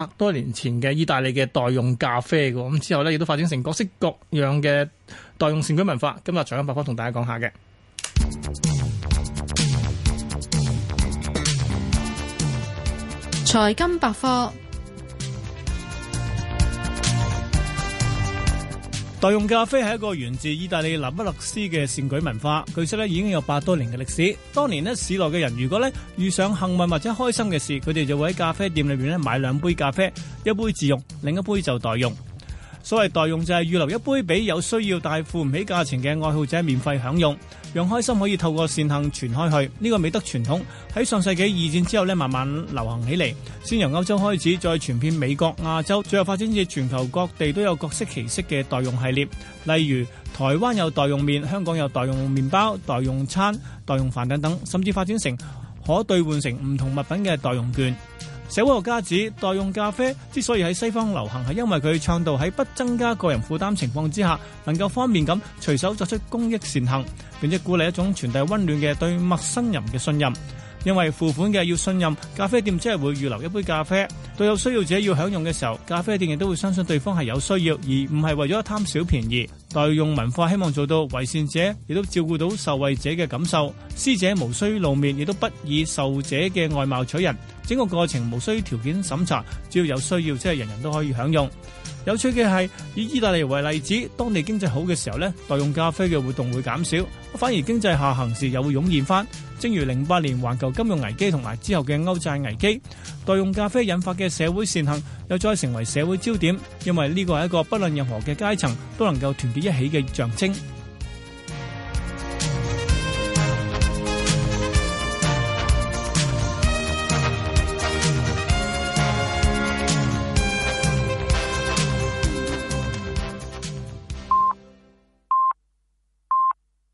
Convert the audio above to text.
百多年前嘅意大利嘅代用咖啡嘅，咁之後咧亦都發展成各式各樣嘅代用善舉文化。今日財金百科同大家講下嘅財金百科。待用咖啡係一個源自意大利拿不勒斯嘅善舉文化，據悉咧已經有百多年嘅歷史。當年咧市內嘅人如果咧遇上幸運或者開心嘅事，佢哋就會喺咖啡店裏邊咧買兩杯咖啡，一杯自用，另一杯就待用。所謂待用就係預留一杯俾有需要但付唔起價錢嘅愛好者免費享用，讓開心可以透過善行傳開去。呢、這個美德傳統喺上世紀二戰之後咧，慢慢流行起嚟，先由歐洲開始，再傳遍美國、亞洲，最後發展至全球各地都有各式其式嘅代用系列待用。例如台灣有待用麵，香港有待用麵包、待用餐、待用飯等等，甚至發展成可兌換成唔同物品嘅待用券。社會學家指待用咖啡之所以喺西方流行，係因為佢倡導喺不增加個人負擔情況之下，能夠方便咁隨手作出公益善行，並且鼓勵一種傳遞溫暖嘅對陌生人嘅信任。因為付款嘅要信任咖啡店，即係會預留一杯咖啡，對有需要者要享用嘅時候，咖啡店亦都會相信對方係有需要，而唔係為咗貪小便宜。待用文化希望做到為善者亦都照顧到受惠者嘅感受，施者無需露面，亦都不以受者嘅外貌取人。整個過程無需條件審查，只要有需要，即係人人都可以享用。有趣嘅係，以意大利為例子，當地經濟好嘅時候咧，待用咖啡嘅活動會減少；反而經濟下行時，又會湧現翻。正如零八年環球金融危機同埋之後嘅歐債危機，待用咖啡引發嘅社會善行又再成為社會焦點，因為呢個係一個不論任何嘅階層都能夠團結一起嘅象徵。